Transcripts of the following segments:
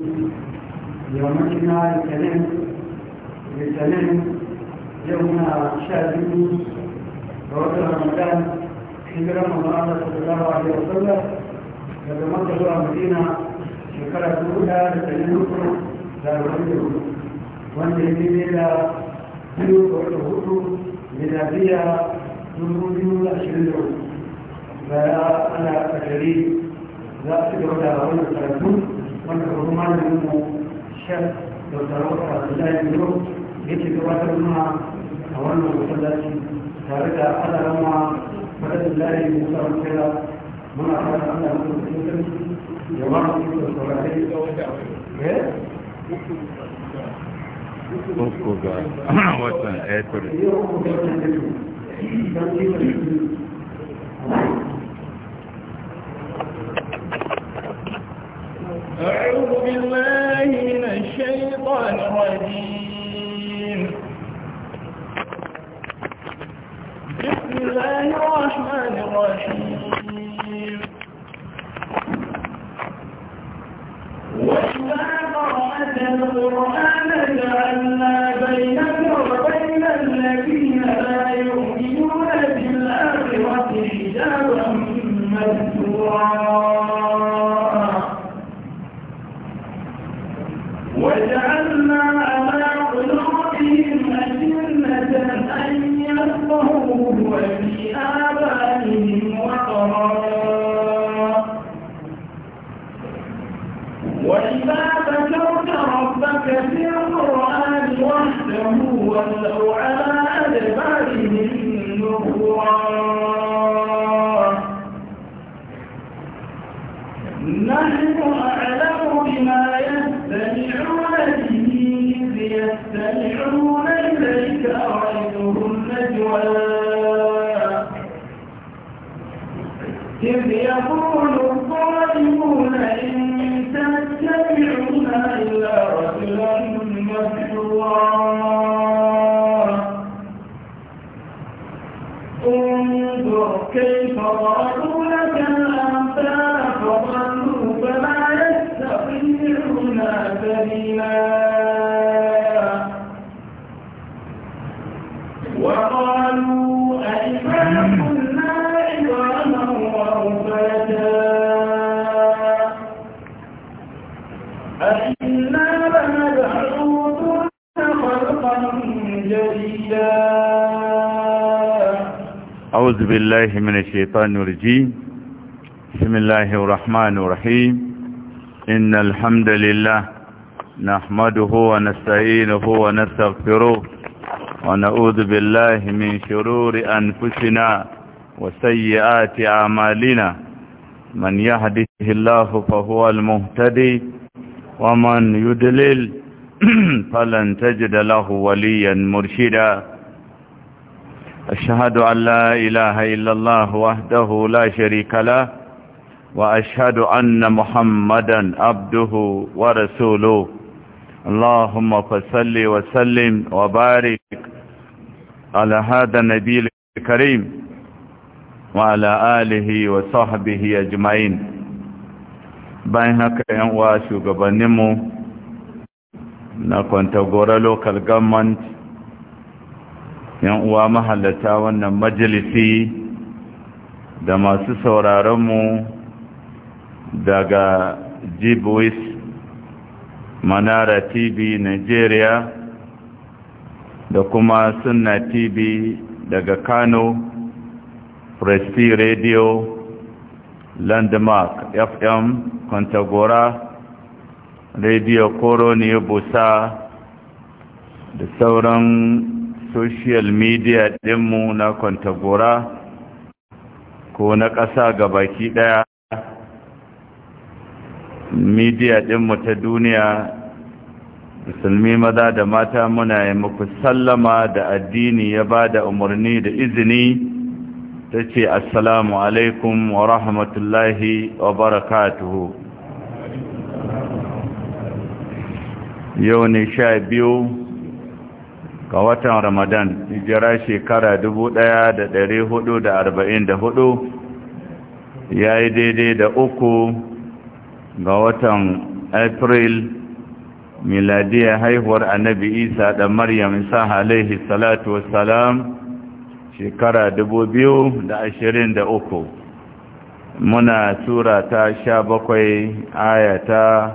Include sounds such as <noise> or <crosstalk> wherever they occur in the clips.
يومنا الاثنين الاثنين يومنا شاذي ووتر رمضان هجرة من الله صلى الله عليه وسلم daga makaruwa madina shekara dubu da ɗari hudu da arba'in da hudu wanda ya daidai da biyu ga wata hudu miladiya dubu biyu da ashirin da da za su da wanda kuma malamin mu shek da sarauta abdullahi yau yake gabatar ma a wannan masallaci tare da alarama madadillahi musa rukela muna fara allah mutum da cikin ya ba mu da saurare eh? uku ga watan بالله من الشيطان الرجيم بسم الله الرحمن الرحيم وإذا قرأت القرآن جعلنا بينك وبين الذين لا يؤمنون بالآخرة حجابا مستورا وجعلنا على أن وقرا وإذا ذكرت ربك في القرآن وحده ولو على أدبارهم نحن أعلم بما يجب يستمعون به إذ يستمعون إليك وإنهم نجوى إذ يقول أعوذ بالله من الشيطان الرجيم بسم الله الرحمن الرحيم إن الحمد لله نحمده ونستعينه ونستغفره ونعوذ بالله من شرور أنفسنا وسيئات أعمالنا من يهده الله فهو المهتدي ومن يدلل <clears throat> فلن تجد له وليا مرشدا أشهد أن لا إله إلا الله وحده لا شريك له وأشهد أن محمدا عبده ورسوله اللهم فصل وسلم وبارك على هذا النبي الكريم وعلى آله وصحبه أجمعين bayan haka yan uwa shugabanninmu na kwanta gora local government yan uwa mahallata wannan majalisi da masu sauraronmu daga jibois manara tv nigeria da kuma sunna tv daga kano presti radio landmark fm kwantagora radio koroniyo busa da sauran social media ɗinmu na kwantagora ko na ƙasa ga baki ɗaya media ɗinmu ta duniya musulmi maza da mata muna yi muku sallama da addini ya ba da umarni da izini ta ce assalamu alaikum wa rahmatullahi wa barakatuhu yau ne sha biyu ga watan ramadan hijira shekara 1444 ya yi daidai da uku ga watan april miladiyar haihuwar annabi isa da maryam isa alaihi salatu wassalam shekara 2023 muna sura ta 17 aya ta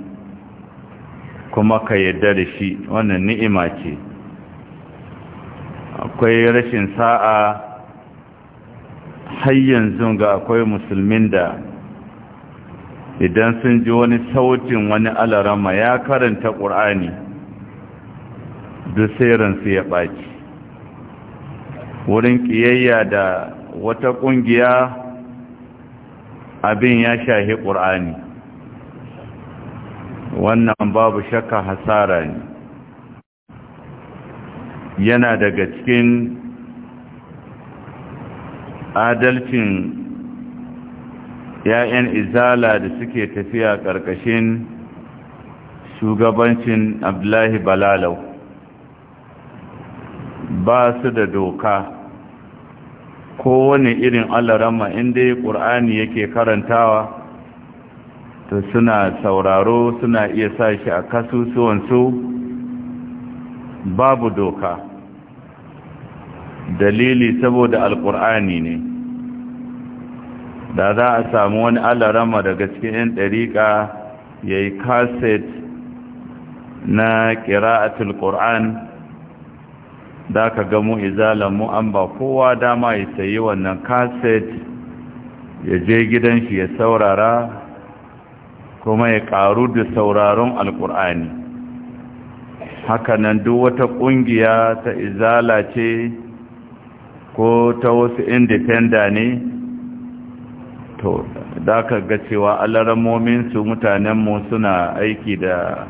kuma ka yadda da shi wannan ni'ima ce akwai rashin sa'a har yanzu ga akwai musulmin da idan sun ji wani sautin wani alarama ya karanta ƙur'ani duk sai ya ɓaci wurin ƙiyayya da wata ƙungiya abin ya shahi ƙur'ani wannan babu shakka hasara ne yana daga cikin adalcin ‘ya'yan izala da suke tafiya ƙarƙashin shugabancin abdullahi balalau ba su da doka kowane irin alarama inda ya ƙur'ani yake karantawa to suna sauraro suna iya sa shi a kasusuwansu babu doka dalili saboda alkur'ani ne da za a samu wani alarama daga cikin 'yan ɗariƙa ya yi kaset na ƙira'atul ƙur'an da ka gamu izalanmu an ba kowa dama ya sayi wannan kaset ya je gidan shi ya saurara kuma ya karu da sauraron alkur'ani hakanan duk wata kungiya ta izala ce ko ta wasu indifenda ne to da ka ga cewa alaramominsu mutanenmu suna aiki da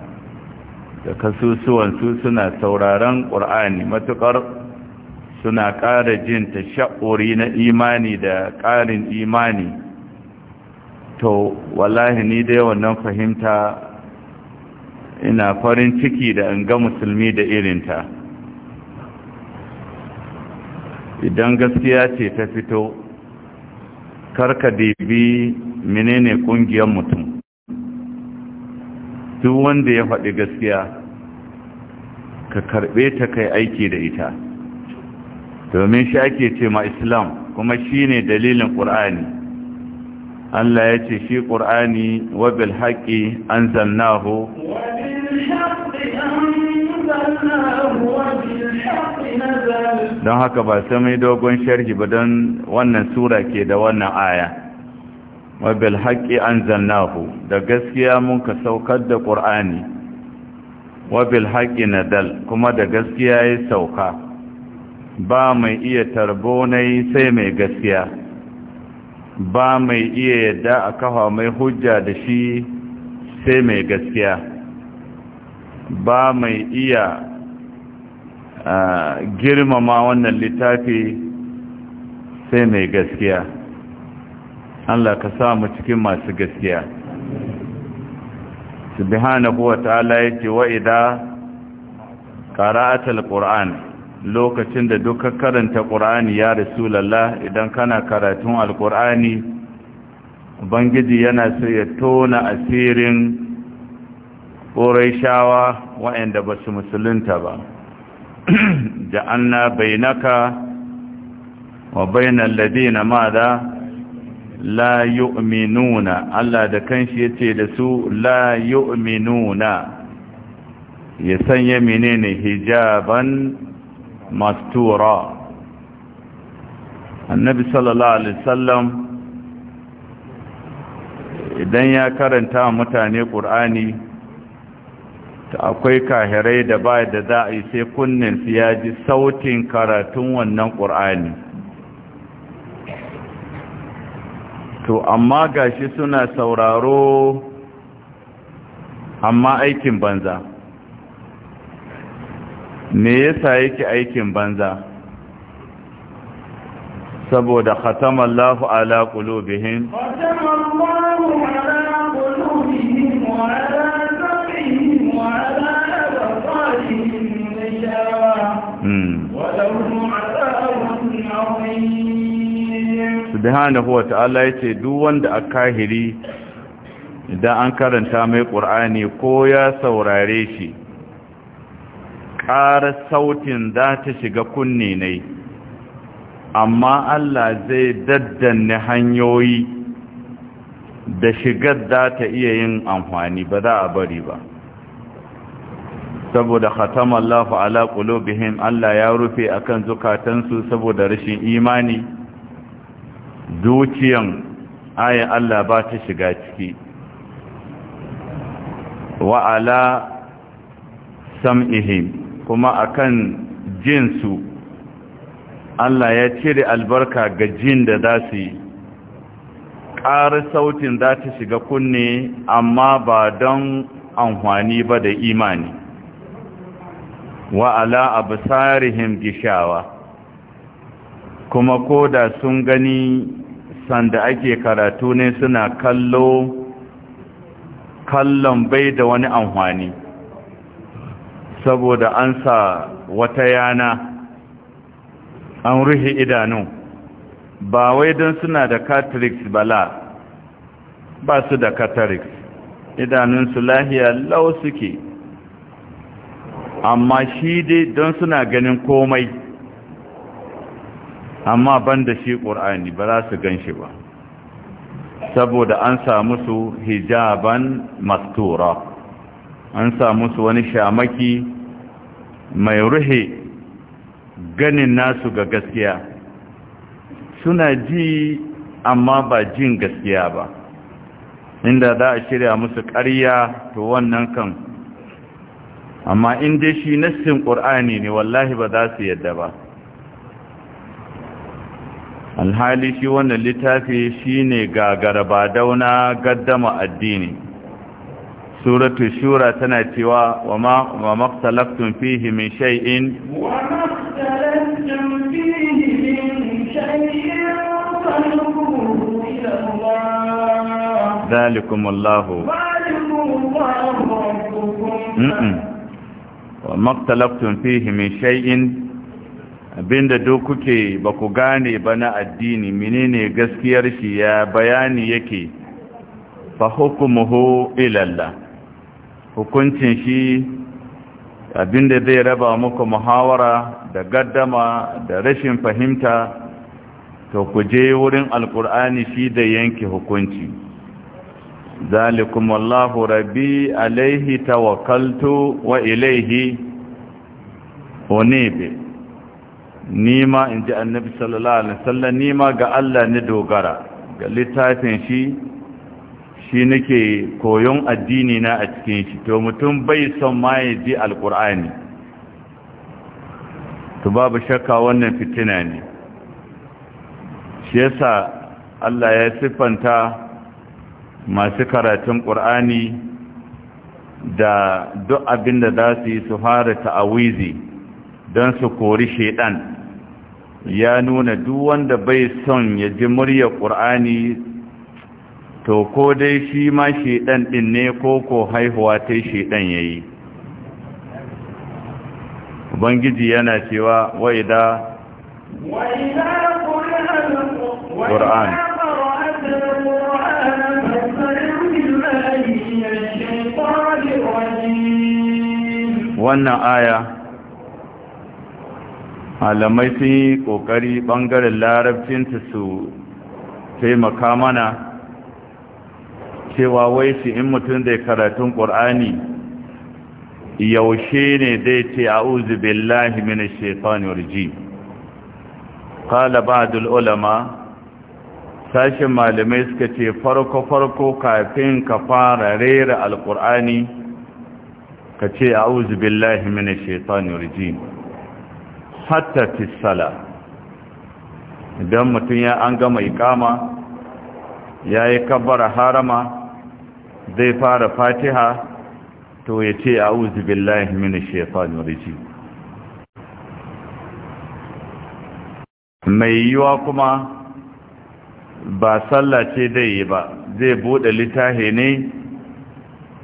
da kasusuwansu suna sauraron ƙur'ani matuƙar suna ƙara jin ta sha'uri na imani da ƙarin imani to wallahi ni da wannan fahimta ina farin ciki da in ga musulmi da irinta idan gaskiya ce ta fito karka dibi menene kungiyar mutum duk wanda ya faɗi gaskiya ka karɓe ta kai aiki da ita domin shi ake ce ma islam kuma shine dalilin ƙur'ani Allah ya ce shi ƙur'ani wa bil an don haka ba mai dogon sharhi ba don wannan sura ke da wannan aya wa bil haƙi an da gaskiya mun ka saukar da ƙur'ani wa bil nadal kuma da gaskiya ya sauka ba mai iya tarbo sai mai gaskiya ba mai iya yadda a kafa mai hujja da shi sai mai gaskiya ba mai iya girmama wannan littafi sai mai gaskiya Allah ka samu cikin masu gaskiya subhanahu wa ta'ala yake wa idza qara'atal qur'an lokacin da duka karanta ƙur'ani ya rasulallah idan kana karatun alƙur'ani Bangiji yana so ya tona asirin ƙoraishawa waɗanda ba su musulunta ba <clears throat> ja'anna bainaka wa bainal ladina mada? la yu'minuna Allah da kanshi yace da su la yu'minuna ya sanya menene hijaban النبي annabi sallallahu alaihi وسلم idan ya karanta mutane ƙur'ani ta akwai kahirai da ba da za a yi sai kunnen su ya ji sautin karatun wannan ƙur'ani to amma gashi suna sauraro amma aikin banza me yasa yake aikin banza saboda khatamallahu ala qulubihim khatamallahu ala qulubihim wa ala sam'ihim wa ala absarihim wa lahum azabun azim subhanahu wa ta'ala yace duk wanda akahiri idan an karanta mai qur'ani ko ya saurare shi ƙarar sautin za ta shiga kunne ne amma Allah zai daddanne hanyoyi da shigar za ta iya yin amfani ba za a bari ba saboda khatama Allah ala qulubihim Allah ya rufe akan zukatansu saboda rashin imani zuciyan ayin Allah ba ta shiga ciki wa'ala ala sam'ihim kuma akan jinsu Allah ya cire albarka ga jin da za su yi ƙar sautin za ta shiga kunne amma ba don amfani ba da imani wa ala absarihim gishawa kuma ko da sun gani sanda ake karatu ne suna kallo kallon bai da wani amfani saboda an sa wata yana an ruhi idanu ba wai don suna da catholics bala ba su da catholics idanunsu lahiya lau suke amma shi dai don suna ganin komai amma ban da shi ƙur'ani ba za su gan shi ba saboda an sa musu hijaban mastura an sa musu wani shamaki mai ruhe ganin nasu ga gaskiya suna ji amma ba jin gaskiya ba inda za a shirya musu ƙarya to wannan kan amma inda shi nassin ƙur'ani ne wallahi ba za su yadda ba alhali shi wannan littafi shi ne ga ba dauna gaddama addini suratu shura tana cewa wa ma wa maktalaftum fihi min shay'in wa maktalaftum fihi min shay'in ذلكم الله وما اختلفتم فيه من شيء abinda duk kuke ba gane ba na addini menene gaskiyar shi ya bayani yake fa hukumuhu ila Allah hukuncin shi abinda zai raba muku muhawara da gaddama da rashin fahimta to ku je wurin alkur'ani shi da yanke hukunci zalikum wallahu rabbi alaihi tawakkaltu wa ilaihi unibe nima inji annabi sallallahu alaihi wasallam nima ga Allah ni dogara ga littafin shi shi nake koyon addini na a cikin shi to mutum bai son ma ya ji alkur'ani to babu shakka wannan fitina ne shi yasa Allah ya siffanta masu karatun ƙur'ani da duk abin da za su yi su fara ta'awizi don su kori shaidan ya nuna duk wanda bai son ya ji muryar ƙur'ani to ko dai shi ma shedan din ne ko ko haihuwa ta shedan yayi ubangiji yana cewa waida Qur'an wannan aya malamai sun yi ƙoƙari ɓangaren larabcinta su taimaka mana cewa wai shi in mutum da karatun ƙur'ani yaushe ne zai ce a'udhu billahi minash shaitanir rajim qala ba'd ulama Sashen malamai suka ce farko farko kafin ka fara rera alqur'ani ka ce a'udhu billahi minash shaitanir rajim hatta tisala idan mutum ya an gama ikama yayi kabbara harama zai fara fatiha to ya ce a uzu billahi mini shefan rici. mai yiwa kuma ba sallah ce dai yi ba zai bude littafi ne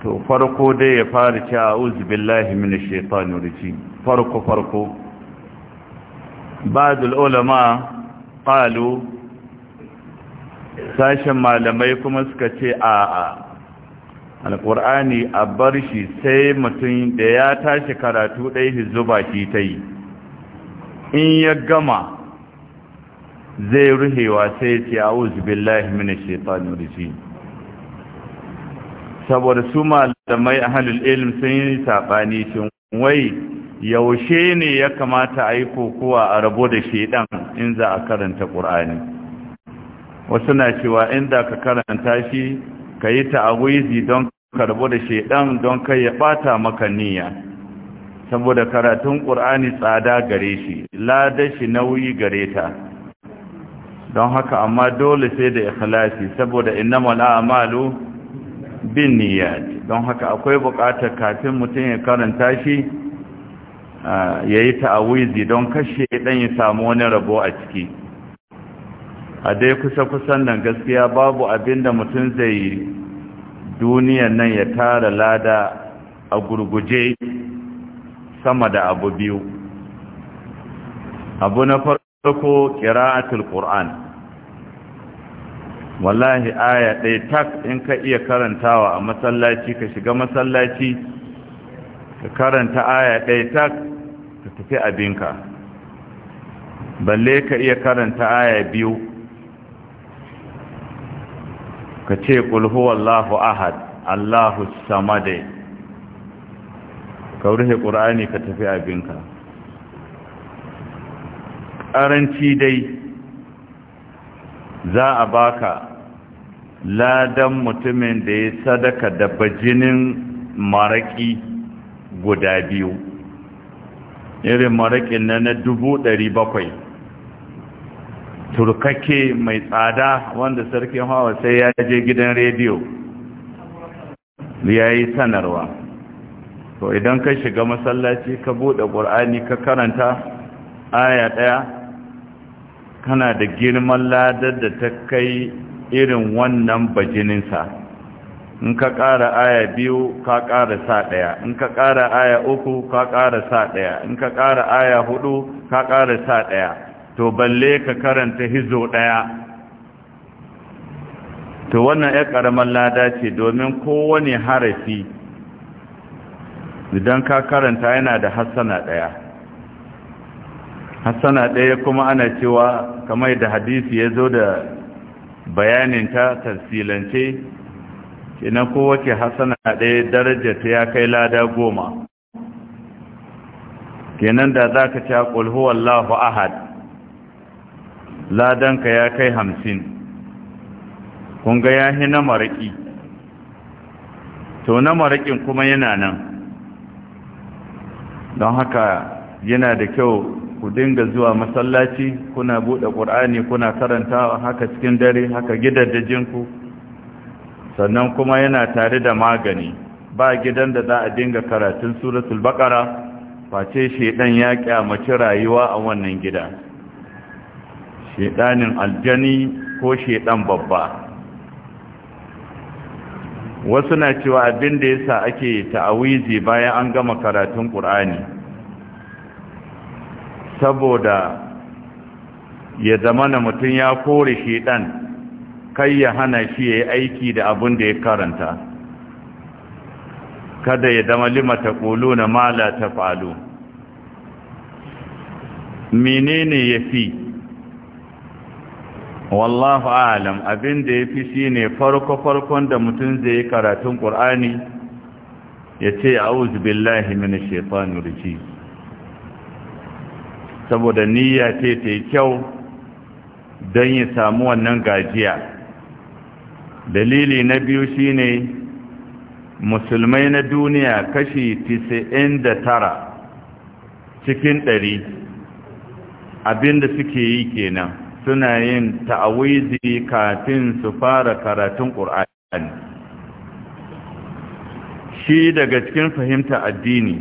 to farko dai ya fara ce a uzu billahi mini shefan rici, farko farko ba'dul ulama qalu sashen malamai kuma suka ce a'a alƙur'ani a bar shi sai mutum da ya tashi karatu ɗaya zuba shi ta yi in ya gama zai ruhewa sai ce a uzubillahi mina shaitanu rishi saboda su malamai a halin ilm sun yi saɓani shi wai yaushe ne ya kamata a yi kokowa a rabo da shaidan in za a karanta ƙur'ani wasu na cewa inda ka karanta shi ka yi ta'awizi don karbo da shaidan don kai ya bata maka niyya saboda karatun ƙur'ani tsada gare shi lada shi nauyi gare ta don haka amma dole sai da ikhlasi saboda innamal a'malu bin niyyat don haka akwai buƙatar kafin mutum ya karanta shi ah, yayi ta'awizi don kashe dan ya samu wani rabo a ciki a dai kusa-kusan nan gaskiya babu abin da mutum zai yi duniyan nan ya tara lada a gurguje sama da abu biyu abu na farko kira'atul qur'an wallahi aya ɗaya tak in ka iya karantawa a masallaci ka shiga masallaci ka karanta aya ɗaya tak ka tafi abinka balle ka iya karanta aya biyu ka ce ƙulhu wallahu ahad allahu samade ka rufe ƙur'ani ka tafi abinka ƙaranci dai za a baka ladan mutumin da ya sadaka da bajinin maraƙi guda biyu irin maraƙin na na dubu ɗari bakwai turkake mai tsada wanda sarkin hawa sai ya je gidan rediyo ya yi sanarwa to idan ka shiga masallaci ka buɗe ƙur'ani ka karanta aya ɗaya kana da girman ladar da ta kai irin wannan bajininsa in ka ƙara aya biyu ka ƙara sa ɗaya in ka ƙara aya uku ka ƙara sa ɗaya in ka ƙara aya hudu ka ƙara sa ɗaya to balle ka karanta hizo ɗaya to wannan ya ƙaramar lada ce domin kowane harafi idan ka karanta yana da hassana ɗaya hassana ɗaya kuma ana cewa kamar da hadisi ya zo da bayanin bayaninta tafsilance kenan kowace hassana daraja ta ya kai lada goma kenan da za ka ce ƙulhuwallahu ahad ladanka ya kai hamsin kun ga hi na maraƙi to na maraƙin kuma yana nan don haka yana da kyau ku dinga zuwa masallaci kuna buɗe ƙur'ani kuna karanta haka cikin dare haka gidajenku sannan kuma yana tare da magani ba gidan da za a dinga karatun suratul baƙara face ɗan ya ƙyamaci rayuwa a wannan gida shedanin aljani ko shedan babba wasu na cewa abin da yasa ake ta'awizi bayan an gama karatun ƙur'ani. saboda ya zama zamana mutum ya kore shedan kai ya hana shi yayi aiki da abin da ya karanta kada ya zama ƙolo na mala ta falo. menene yafi wallahu alam abin da ya fi shi ne farko-farkon da mutum zai yi karatun ƙur'ani ya ce a billahi mini shefanu riki saboda niyya ce ta yi kyau don ya samu wannan gajiya dalili na biyu shine musulmai na duniya kashi 99 cikin 100 abin da suke yi kenan suna yin ta'awizi kafin su fara karatun ƙur'ani shi daga cikin fahimta addini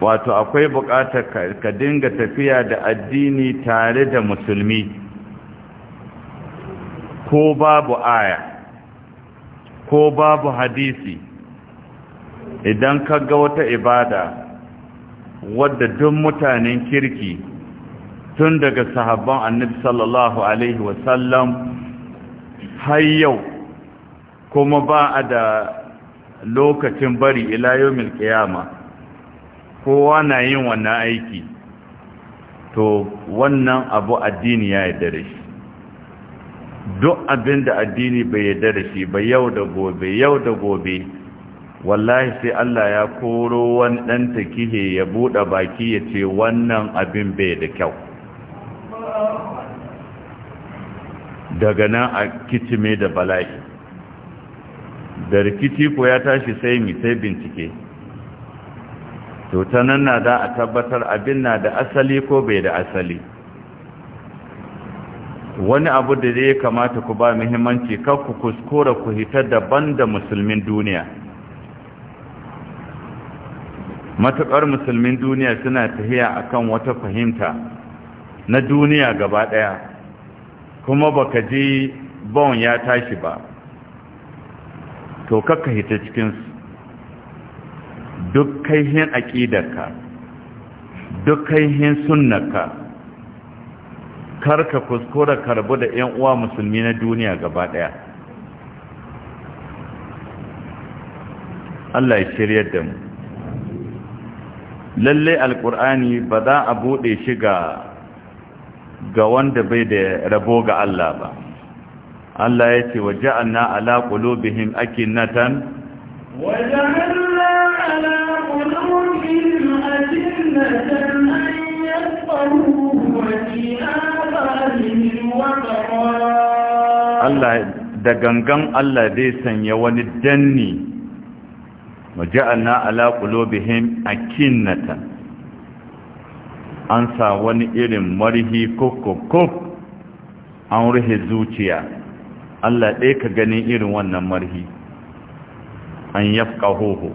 wato akwai buƙatar ka dinga tafiya da addini tare da musulmi ko babu aya ko babu hadisi idan ka ga wata ibada wadda duk mutanen kirki tun daga sahabban annabi sallallahu alaihi wasallam har yau kuma ba a da lokacin bari ila yawmin kiyama kowa na yin wannan aiki to wannan abu addini ya yarda da shi duk abin da addini bai yarda da shi ba yau da gobe yau da gobe wallahi sai Allah ya koro wani ɗan takihe ya buɗe baki ya ce wannan abin bai da kyau daga nan a kitime da bala'i da rikici ko ya tashi sai mi sai bincike to ta nan na da a tabbatar abin na da asali ko bai da asali wani abu da zai kamata ku ba muhimmanci kar ku kuskura ku hita daban da musulmin duniya matuƙar musulmin duniya suna tahiya akan wata fahimta na duniya gaba ɗaya kuma baka je bon ya tashi ba to kakka hita cikinsu duk kaihin aƙidarka duk kaihin sunnarka karka kuskura karbu da 'yan uwa musulmi na duniya gaba ɗaya Allah ya shirya da mu lallai alƙur'ani ba za a buɗe shi ga ga wanda bai da rabo ga Allah ba Allah ya ce waja'alna ala qulubihim akinnatan waja'alna ala qulubihim akinatan Allah da gangan Allah zai sanya wani danni waja'alna ala qulubihim akinatan an sa wani irin marhi kukukuk an rufe zuciya Allah ɗaya ka gani irin wannan marhi an yafka hoho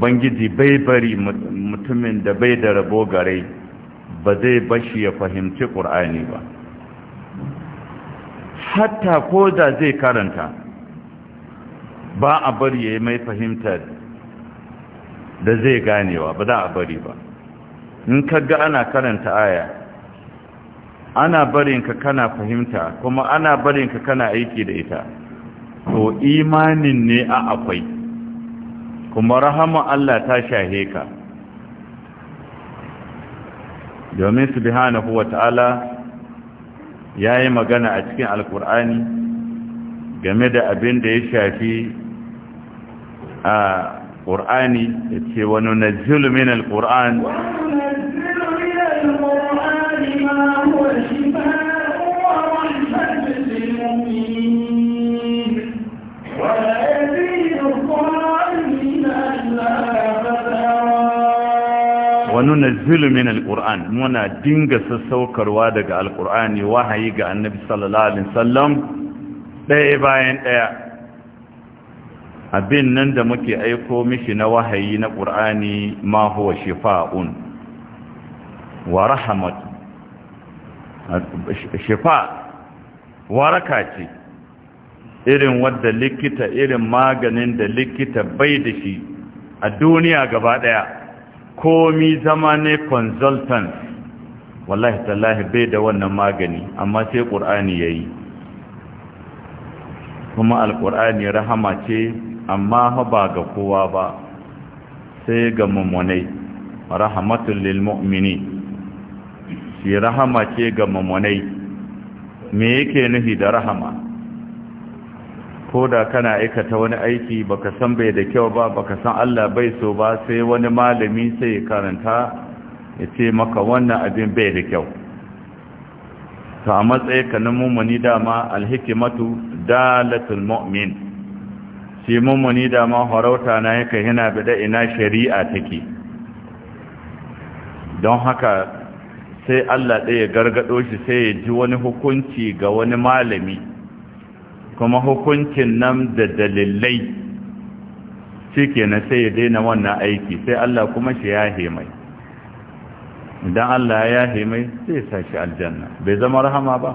bangiji bai bari mutumin da bai da rabo gare ba zai bashi ya fahimci ƙur'ani ba hatta ko da zai karanta ba a bari ya yi mai fahimtar da zai ganewa ba za a bari ba in ka ga ana karanta aya ana barinka kana fahimta kuma ana barinka kana aiki da ita to imanin ne a akwai kuma rahama Allah ta shahe ka domin subhanahu wa ta'ala ya yi magana a cikin alkur'ani game da abin da ya shafi a ƙur'ani ya ce wani na zulmin al-ƙur'an wani na al-ƙur'an muna dinga sassaukarwa daga al-ƙur'ani wahayi ga annabi sallallahu alaihi sallam ɗaya bayan ɗaya abin nan da muke aiko mishi na wahayi na ƙur'ani ma huwa shifa'un wa rahamat shifa waraka ce irin wadda likita irin maganin da likita bai da shi a duniya gaba daya komi zama ne consultant wallahi tallahi bai da wannan magani amma sai ƙur'ani ya yi kuma alƙur'ani rahama ce amma ba ga kowa ba sai ga mummunai rahmatul lil mu'mini shi rahama ce ga mummunai me yake nufi da rahama ko da kana aikata wani aiki baka san bai da kyau ba baka san Allah bai so ba sai wani malami sai ya karanta ya ce maka wannan abin bai da kyau ta a matsayinka na mummuni dama alhikimatu dalatul mu'min shi ni da ma harauta na yake yana bida ina shari'a take don haka sai Allah ɗaya gargado shi sai ya ji wani hukunci ga wani malami kuma hukuncin nan da dalilai cike na sai ya daina wannan aiki sai Allah kuma shi ya mai idan Allah ya mai sai sa shi aljanna bai zama rahama ba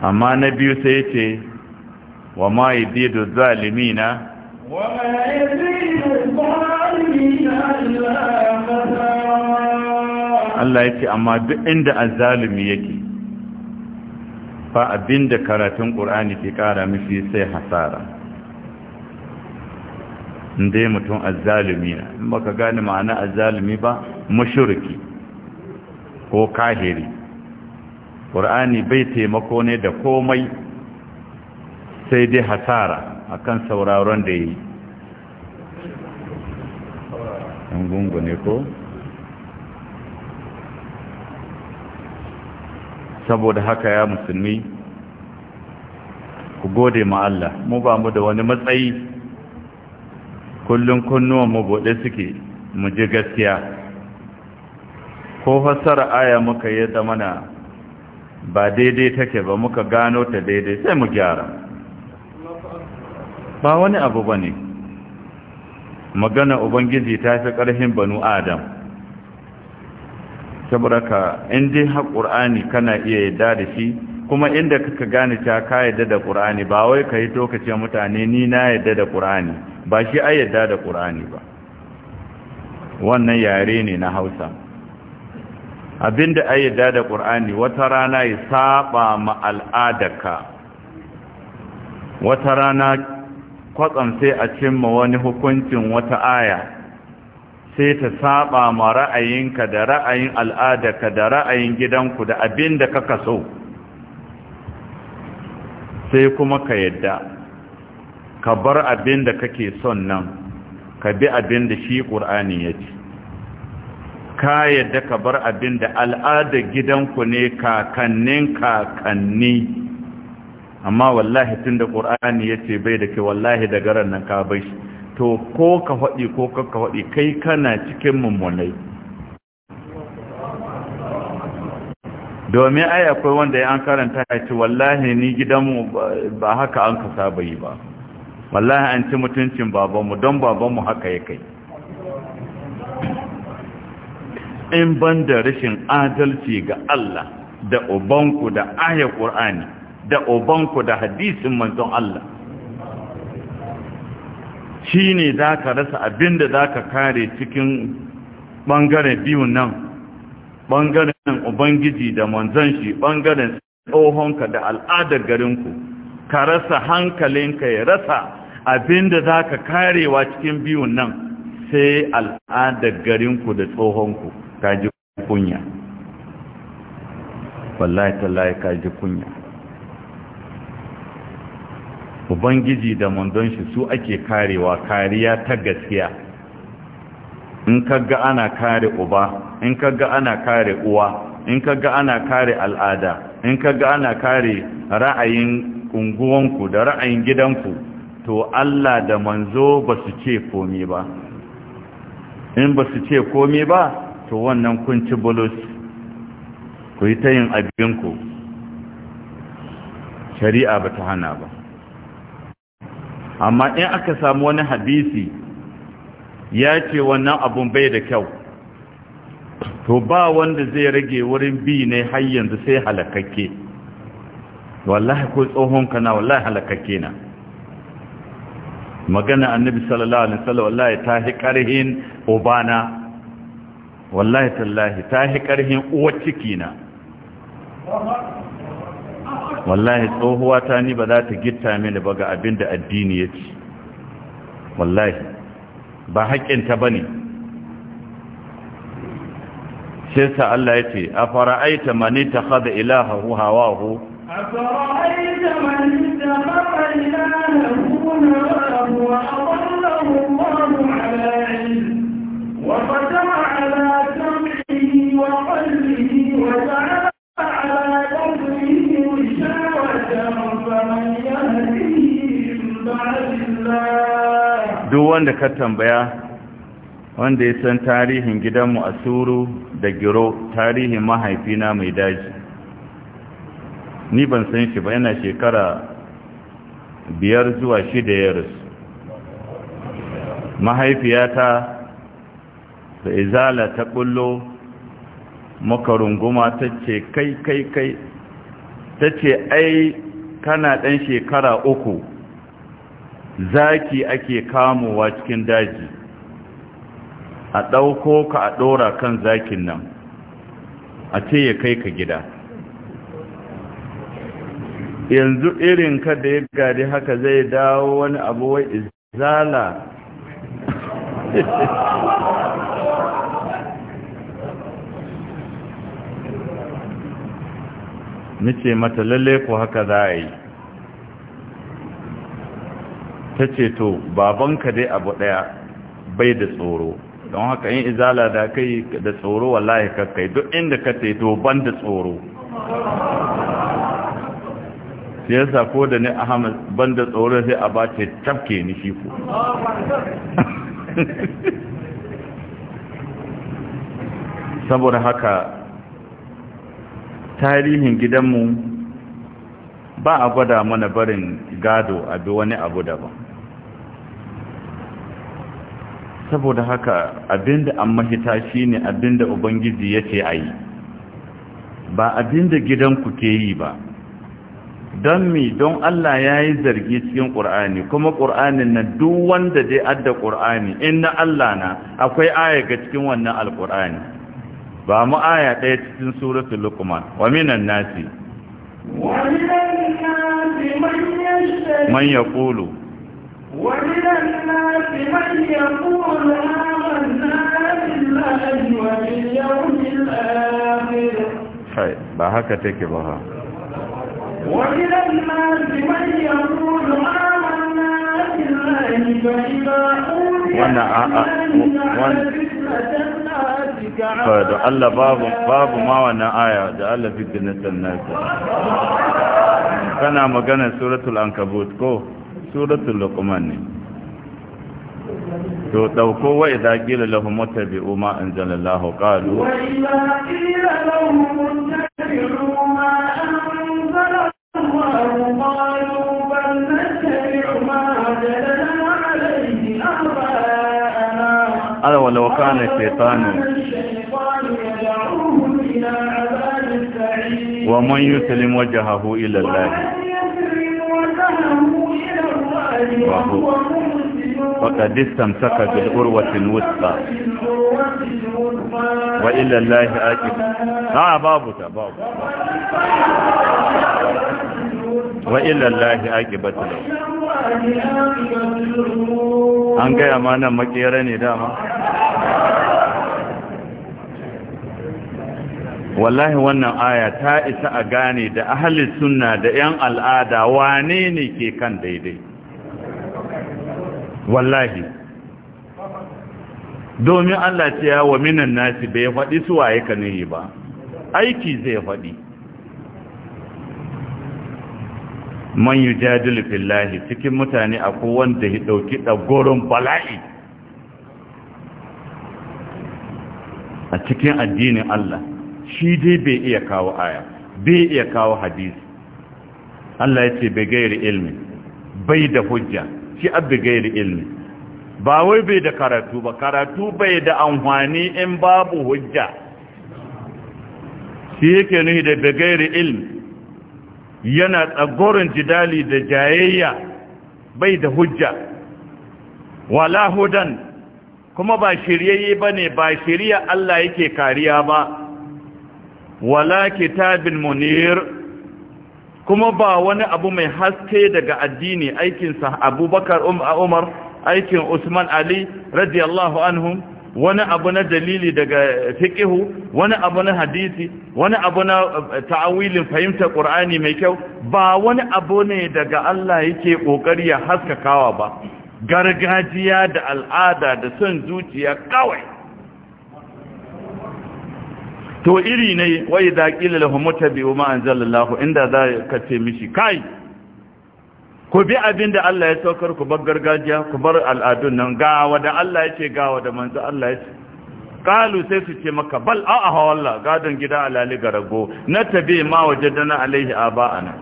amma na biyu sai ce wa يزيد الظالمين وما يزيد الظالمين Allah ya ce amma duk inda azalimi yake fa abinda karatun Qur'ani ke kara mafi sai hasara inde mutum azalimi ne in baka gane ma'ana azalimi ba mushriki ko kahiri Qur'ani bai taimako ne da komai sai dai hasara a kan sauraron da yi ɗan gungu ne ko saboda haka ya musulmi ku gode ma Allah mu ba mu da wani matsayi kullum kunnuwan mu bude suke mu ji gaskiya ko fassara aya muka yadda mana ba daidai take ba muka gano ta daidai sai mu gyara ba wani abu ba ne magana ubangiji ta fi ƙarfin banu adam saboda ka dai har ƙur'ani kana iya yadda da shi kuma inda ka gane ta ka yadda da ƙur'ani ba wai ka yi tokacin mutane ni na yadda da ƙur'ani ba shi a yadda da ƙur'ani ba wannan yare ne na hausa abinda a yadda da ƙur'ani wata rana ya saba ma al'adaka wata rana kwatsam sai a cimma wani hukuncin wata aya sai ta saba ma ra'ayinka da ra'ayin al'adarka da ra'ayin gidanku da abin da ka kaso sai kuma ka yadda ka bar abin da kake son nan ka bi abin da shi ƙur'ani ya ce ka yadda ka bar abin da al'adar gidanku ne kakannin kakanni amma wallahi tun da ƙur'ani ya ce bai da ke wallahi da garan nan ka bai shi to ko ka faɗi ko ka faɗi kai kana cikin mummunai domin ai akwai wanda ya an karanta ya ce wallahi ni gidanmu ba haka an kasa bai ba wallahi an ci mutuncin babanmu don babanmu haka ya kai in ban da rashin adalci ga Allah da ubanku da ayar Kur'ani. da obanku da hadisin manzon Allah shi ne za ka rasa abin da za ka kare cikin ɓangaren biyun nan ɓangaren ubangiji da manzon shi ɓangaren tsohonka da al'adar garinku ka rasa hankalinka ya rasa abin da za ka karewa cikin biyu nan sai al'adar garinku da tsohonku ka ji kunya wallahi tallahi ka ji kunya ubangiji da mandon shi su ake karewa kariya ta gaskiya in kaga ana kare uba in kaga ana kare uwa in kaga ana kare al'ada in kaga ana kare ra'ayin unguwanku da ra'ayin gidanku to Allah da manzo ba su ce komai ba in ba su ce komi ba to wannan kun ci bulus ku yi ta yin abinku shari'a ba ta hana ba amma in aka samu wani hadisi ya ce wannan abun bai da kyau to ba wanda zai rage wurin bi ne har yanzu sai halakakke wallahi ko tsohon kana wallahi halakakke na magana annabi sallallahu alaihi wasallam wallahi ta hi karhin ubana wallahi tallahi ta hi karhin uwar ciki na wallahi tsohuwa ta ni ba za ta gitta mini ba ga abin da addini ya ce wallahi ba haƙƙinta ba ne sai sa Allah ya ce a fara'aita mani ta haɗa ilaha hawahu a fara'aita mani ta haɗa ilaha huwa a wallahu wa ala ilm wa fatan duk wanda ka tambaya wanda ya san tarihin gidanmu a suru da giro tarihin mahaifina mai daji ni ban san shi ba yana shekara biyar zuwa shida ya rasu mahaifiyata da izala ta bullo maka runguma ta ce kai kai kai ta ce ai kana dan shekara uku zaki ake kamowa cikin daji a ɗauko ka a ɗora kan zakin nan a ce ya kai ka gida yanzu irin ka da ya gari haka zai dawo wani abu wai izala <laughs> nace mata lalle ko haka za a yi ta ce to babanka dai abu ɗaya bai da tsoro don haka in izala da kai da tsoro wallahi kai, duk inda ka ce to ban da tsoro sai ya ko da ni ahmad ban da tsoro sai a ba ce tafke ni shi ko saboda haka tarihin gidanmu ba a gwada mana barin gado a bi wani abu daban saboda haka abinda an mahita shine abinda ubangiji yace yi. ba abinda gidan ku ke yi ba don mi don Allah ya yi zargi cikin ƙur'ani kuma ƙur'anin na duk wanda dai adda ƙur'ani in na Allah na akwai aya ga cikin wannan alƙur'ani ba mu aya ɗaya cikin suratul luqman wa minan nasi man yaqulu ومن الناس من يقول آمنا بالله وباليوم الآخر طيب بهاك تكي بها ومن الناس من يقول آمنا بالله فإذا أوتي آه، آه، فدو الله باب باب ما wannan aya da Allah fi ganatan nasa kana magana suratul ankabut ko سورة اللقمان تو قوة إذا قيل له متبئوا ما أنزل الله قالوا وإذا قيل له متبئوا ما أنزل الله قالوا بل نتبع ما جلنا عليه أهباءنا ألا ولو كان الشيطان ومن يسلم وجهه إلى الله ومن يسلم وجهه وهو فقد استمسك بالعروة الوسطى وإلا الله أجب آه بابك بابك وإلا الله أجب أنك يا مانا مكيرني داما wallahi wannan aya ta isa a gane da ahalin sunna da 'yan al'ada wane ne ke kan daidai wallahi domin Allah ce ya wa minan nasi bai faɗi waye ka nihi ba aiki zai faɗi man yi jadilu fillahi cikin mutane a kowanda ya ɗauki goron bala'i a cikin addinin Allah shi dai bai iya kawo aya bai iya kawo hadisi Allah ya ce bai gairi ilmi bai da hujja ibti'ab abu gairi ilmi ba wai bai da karatu ba karatu bai da amfani in babu hujja shi yake nuhi da bi ilmi yana tsagorin jidali da jayayya bai da hujja wala hudan kuma ba shiryayye ne ba shiriya Allah yake kariya ba wala kitabin munir kuma ba wani abu mai haske daga addini aikinsa abubakar um, umar aikin usman ali radiyallahu anhum wani abu na dalili daga fiqihu wani abu na hadisi wani abu na uh, ta'awilin fahimta ƙur'ani mai kyau ba wani abu ne daga Allah yake kokari ya haskakawa ba gargajiya da al'ada da son zuciya kawai to iri ne wai da ƙila da hamuta biyu ma'anzallallahu inda za ka ce mishi kai ku bi abinda da Allah ya saukar ku bar gargajiya ku bar al'adun nan gawa da Allah ya ce gawa da manzo Allah ya ce kalu sai su ce maka bal a aha wallah gadon gida alali garago na tabi ma wajadana alaihi aba'ana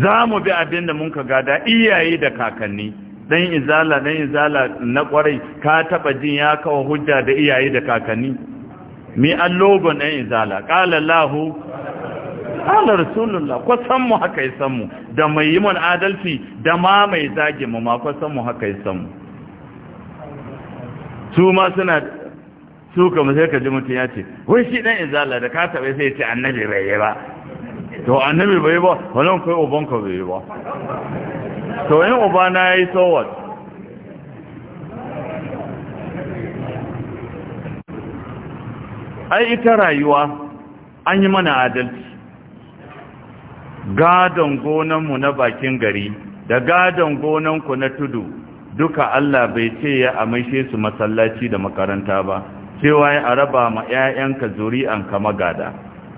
za mu bi abinda da mun ka gada iyaye da kakanni dan izala dan izala na kwarai ka taba jin ya kawo hujja da iyaye da kakanni mi an logon dan izala qala lahu qala rasulullah ko san mu haka yi san mu da mai yi mun adalci da ma mai zage mu ma ko san mu haka yi san mu su ma suna su mu sai ka ji mutum ya ce wai shi dan izala da ka taba sai ya ce annabi bai yi ba to annabi bai yi ba wani kai ubanka bai yi ba to yin ubana ya yi sowat ai ita rayuwa an yi mana adalci gadon gonanmu na bakin gari da gadon gonanku na tudu duka Allah bai ce ya amaishe su masallaci da makaranta ba cewa ya araba ma 'ya'yanka zuri'anka magada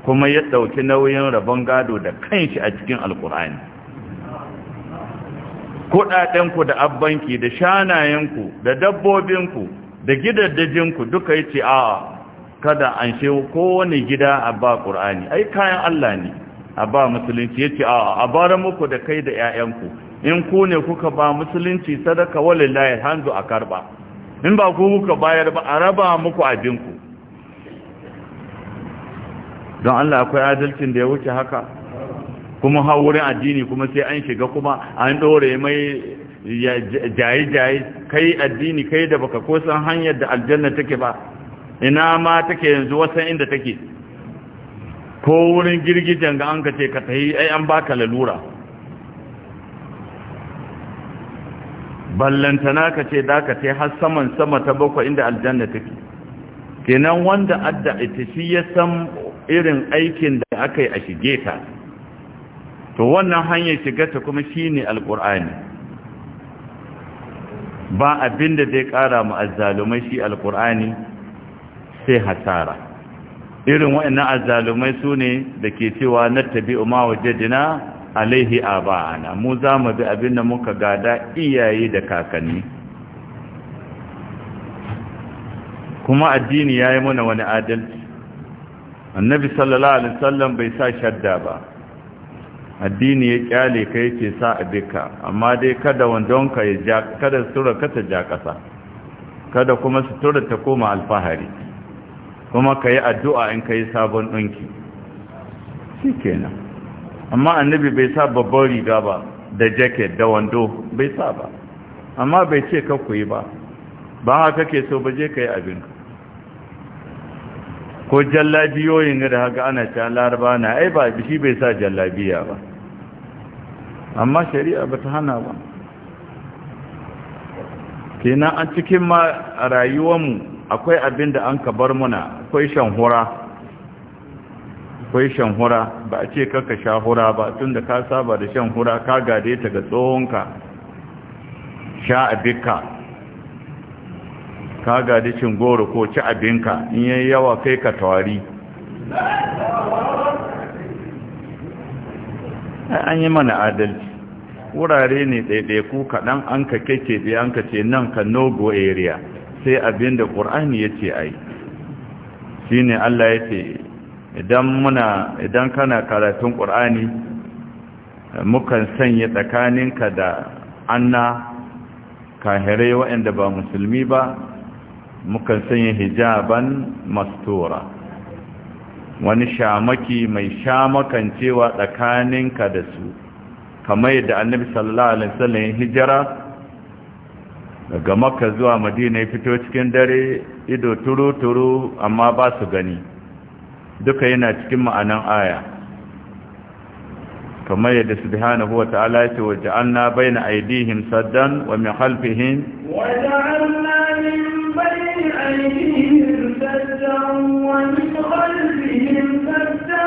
kuma ya ɗauki nauyin rabon gado da kanshi a cikin alkur'ani kuɗaɗenku da abbanki da shanayenku da dabbobinku da gidaddajinku duka ya ce a'a kada an she kowane gida a ba ƙur'ani ai kayan Allah ne a ba musulunci ya ce a'a a bara muku da kai da 'ya'yanku in ku ne kuka ba musulunci sadaka walillahi hanzu a karba in ba ku kuka bayar ba a raba muku abinku don Allah akwai adalcin da ya wuce haka kuma har wurin addini kuma sai an shiga kuma an dore mai jaye-jaye kai addini kai da baka ko san hanyar da aljanna take ba ina ma take yanzu wasan inda take ko wurin girgijen ga an ka ce ka tahi ai an baka lalura ballantana ka ce da ka ce har saman sama ta bakwai inda aljanna take kenan wanda adda ita shi ya san irin aikin da aka yi a shige ta to wannan hanyar shiga ta kuma shine alqur'ani ba abinda zai ƙara mu azzalumai shi alqur'ani sai hasara irin waɗannan azzalumai sune ke cewa na nattabi'u ma wajadna alaihi aba'ana mu za mu bi abin abinda muka gada iyaye da kakanni kuma addini yayi mana wani adalci annabi sallallahu alaihi wasallam bai sa shadda ba addini ya kyale ka yake sa a bika amma dai kada wandonka ya ja kada sura ka ta ja kasa kada kuma sura ta koma alfahari kuma ka yi addu'a in ka yi sabon ɗinki shi kenan amma annabi bai sa babban riga ba da jaket da wando bai sa ba amma bai ce ka yi ba ba haka ke so ba je ka yi abinka ko jallabiyoyin da haka ana ta laraba na ai ba shi bai sa jallabiya ba amma shari'a ba ta hana ba kenan an cikin ma a mu akwai abin da an kabar muna akwai hura. akwai shanhura ba a ce ka sha hura ba tunda ka saba da shan hura ka gade ta ga tsohonka sha abika ka gadi cin goro ko ci abinka in yayi yawa kai ka tawari an yi mana adalci wurare ne ku kaɗan an ka keke biya an ka ce nan ka no-go area sai abin da ƙur'ani ya ce ai shi ne Allah ya ce idan kana karatun ƙur'ani mukan sanya tsakaninka da anna kahirai waɗanda ba musulmi ba mukan sanya hijaban mastura wani shamaki mai shamakancewa tsakaninka da su kamar yadda annabi sallallahu alaihi wasallam ya hijira daga makka zuwa madina ya fito cikin dare ido turu-turu amma ba su gani duka yana cikin ma'anan aya kamar yadda subhanahu ta'ala ya ce wa ja'alna baina aydihim saddan wa min khalfihim wa ja'alna min أيديهم سدا ومن خلفهم سدا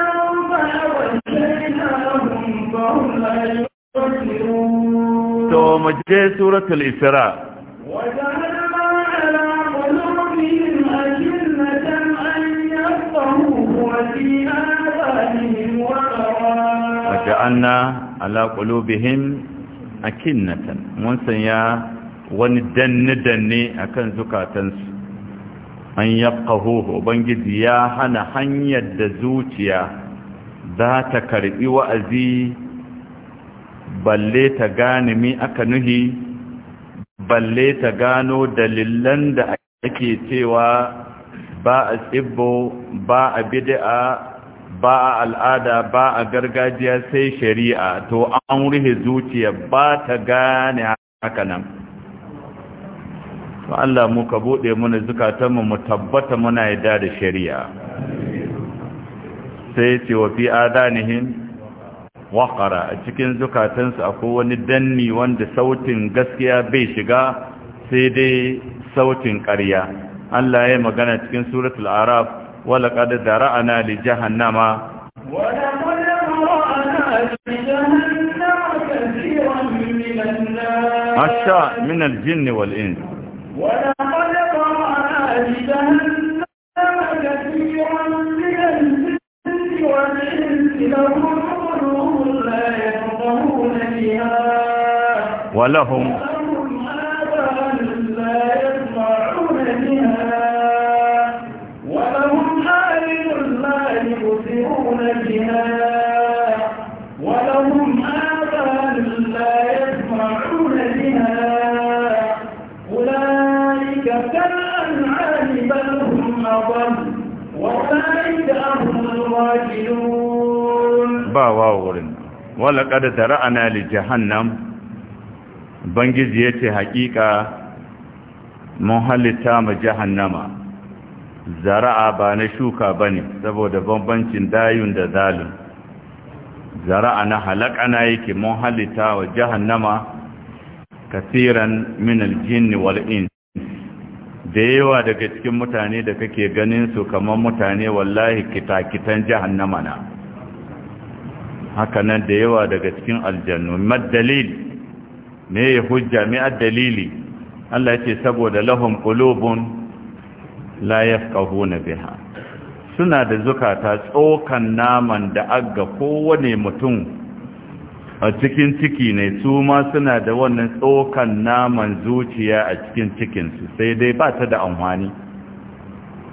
فأغشيناهم فهم لا يبصرون ثم جاء سورة الإسراء وجعلنا على قلوبهم أجنة أن يفقهوه وفي آذانهم وقرا وجعلنا على قلوبهم أكنة من سيا wani danne-danne a kan zukatansu an yafqahuhu ubangiji ya hana hanyar da zuciya za ta karbi wa'azi balle ta gane mi aka nuhi balle ta gano dalilan da ake cewa ba a tsibbo ba a bid'a ba a al'ada ba a gargajiya sai shari'a to an rihe zuciya ba ta gane haka nan. to Allah mu ka bude mana zukatanmu mu tabbata muna yadda da shari'a sai ce wa fi adanihim waqara a cikin zukatansu akwai wani danni wanda sautin gaskiya bai shiga sai dai sautin ƙarya Allah ya magana cikin suratul araf wala qad dara'ana li jahannama wala asha min al wal-ins ولقد قرأ لجهنم كثيرا من الجن والإنس لهم قلوب لا يفقهون بها ولهم wurin. با واو غورن na ترأنا لجهنم بنجي يتي حقيقة mun halitta ma jahannama zara'a ba na shuka ba ne saboda bambancin dayun da zalun zara'a na halakana yake mun halitta wa jahannama kasiran min aljinni wal in da yawa daga cikin mutane da kake ganin su kamar mutane wallahi kitakitan jahannama na haka nan da yawa daga cikin aljannu maddalil me ya hujja me addalili Allah ce saboda lahum qulubun la yafqahuna biha suna da zukata tsokan naman da agga kowane mutum a cikin ciki ne su ma suna da wannan tsokan naman zuciya a cikin cikinsu sai dai ba ta da amfani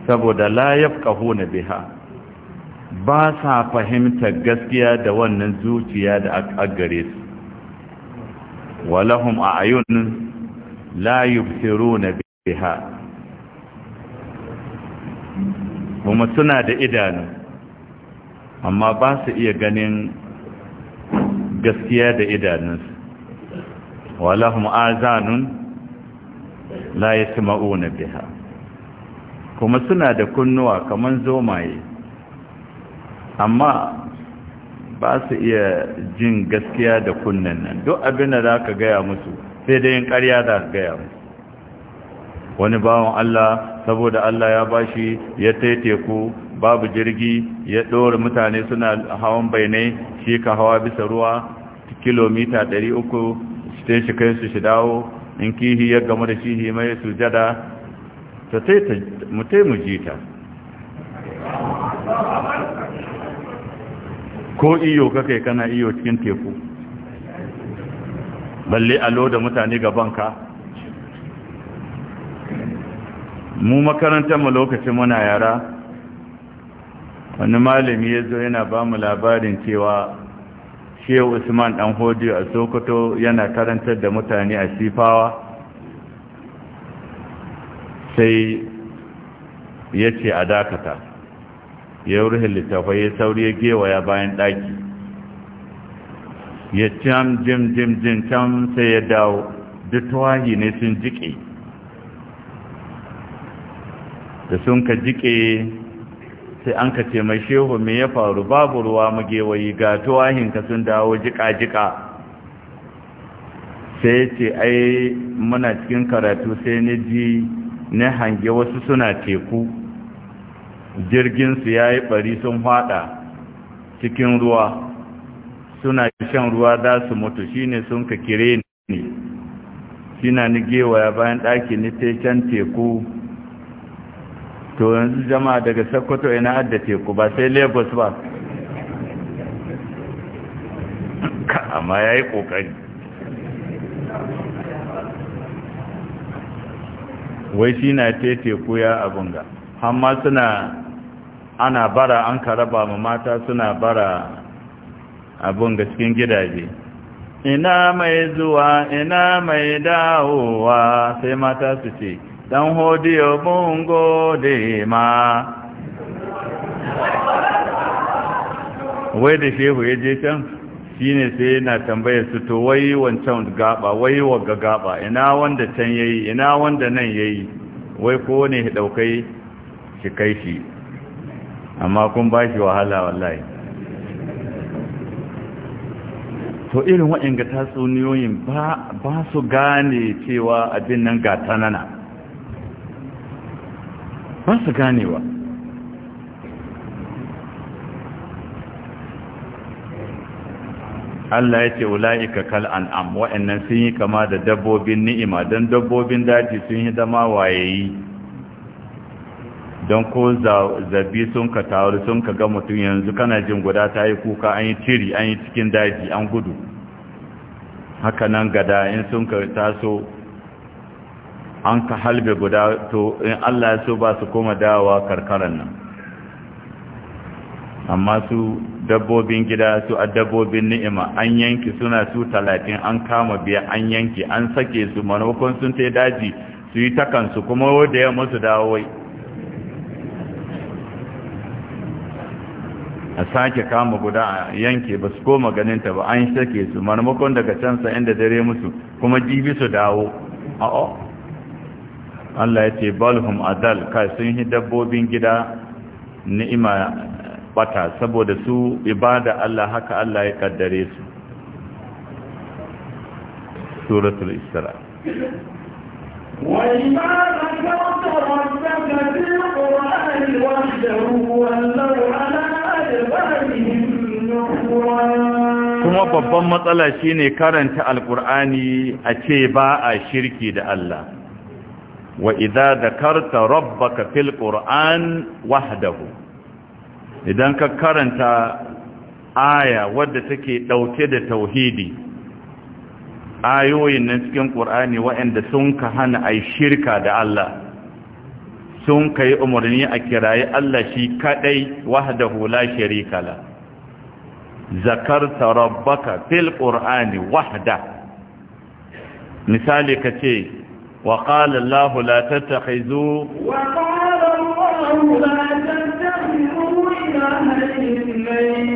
saboda layaf ƙaho na biha ba sa fahimtar gaskiya da wannan zuciya da aka gare su walahum a ayun la yubsiru na biha kuma suna da idanu amma ba su iya ganin gaskiya da idanunsu walahum azanun la yasma'una biha kuma suna da kunnuwa kaman zomaye amma ba su iya jin gaskiya da kunnen nan duk abin da zaka gaya musu sai dai in ƙarya za ka gaya musu wani bawan Allah saboda Allah ya bashi ya taite ku babu jirgi ya ɗora mutane suna hawan bainai shi ka hawa bisa ruwa kilomita 300 sai shi kai su shi dawo in kihi ya gama da shi su sujada ta sai ta mutai mu jita ko iyo kakai kana iyo cikin teku balle alo da mutane gabanka mu makarantar mu lokacin muna yara wani malami ya zo yana ba mu labarin cewa shehu usman dan hodiyo a sokoto yana karantar da mutane a sifawa sai ya ce a dakata ya wurin littafai ya sauri ya gewaya bayan daki. ya cam jim jim jim cam sai ya dawo duk tawahi ne sun jiƙe da sun ka jiƙe sai an ka ce mai shehu me ya faru babu ruwa magewayi ga tuwahinka sun dawo jika-jika sai ce ai muna cikin karatu sai ni ji na hange wasu suna teku jirginsu ya yi bari sun hada cikin ruwa suna shan ruwa za su mutu shine sun ka kire ni shina ni gewaya bayan ɗaki ni can teku to yanzu jama'a daga sakkwato ina adda teku ba sai lagos ba ka amma ya yi ƙoƙari wai shi na te teku ya abunga amma suna ana bara an karaba ma mata suna bara abunga cikin gidaje ina mai zuwa ina mai dawowa sai mata su ce dan hodiyo mun gode ma wai da shehu ya je can shi ne sai yana tambaya su to wai wancan gaba wai wanga gaba ina wanda can ya yi ina wanda nan ya yi wai ko ne daukai shi kai shi amma kun ba shi wahala wallahi to irin waɗanda tatsuniyoyin ba su gane cewa abin nan ga tanana ba su ganewa Allah ya ce ula'ika kal an'am wa'annan sun yi kama da dabbobin ni'ima don dabbobin daji sun yi zama wayayi don ko zabi sun ka taru sun ka ga mutum yanzu kana jin guda ta yi kuka an yi ciri an yi cikin daji an gudu haka nan gada in sun ka taso an ka halbe guda to in Allah ya so ba su koma dawowa karkaran nan amma su dabbobin gida su a dabbobin ni'ima an yanki suna su talatin an kama biya an yanki an sake su manokon sun ta daji su yi takansu kuma wadda ya masu wai? a sake kama guda a yanke ba su koma ganinta ba an sake su manamakon daga can sa'in da dare musu kuma jibi su dawo a'o Allah ya ce balhum adal kai sun yi dabbobin gida ni'ima bata saboda su ibada Allah haka Allah ya kaddare su suratul isra kuma babban matsala shine karanta alkur'ani a ce ba a shirki da Allah wa idza dakarta rabbaka fil qur'an wahdahu idan ka karanta aya wadda take dauke da tauhidi ayoyin nan cikin qur'ani waɗanda sun ka hana ai shirka da Allah sun kai umarni a kirayi Allah shi kadai wahdahu la sharika la zakarta rabbaka fil qur'ani wahda misali kace وقال الله لا تتخذوا وقال الله لا تتخذوا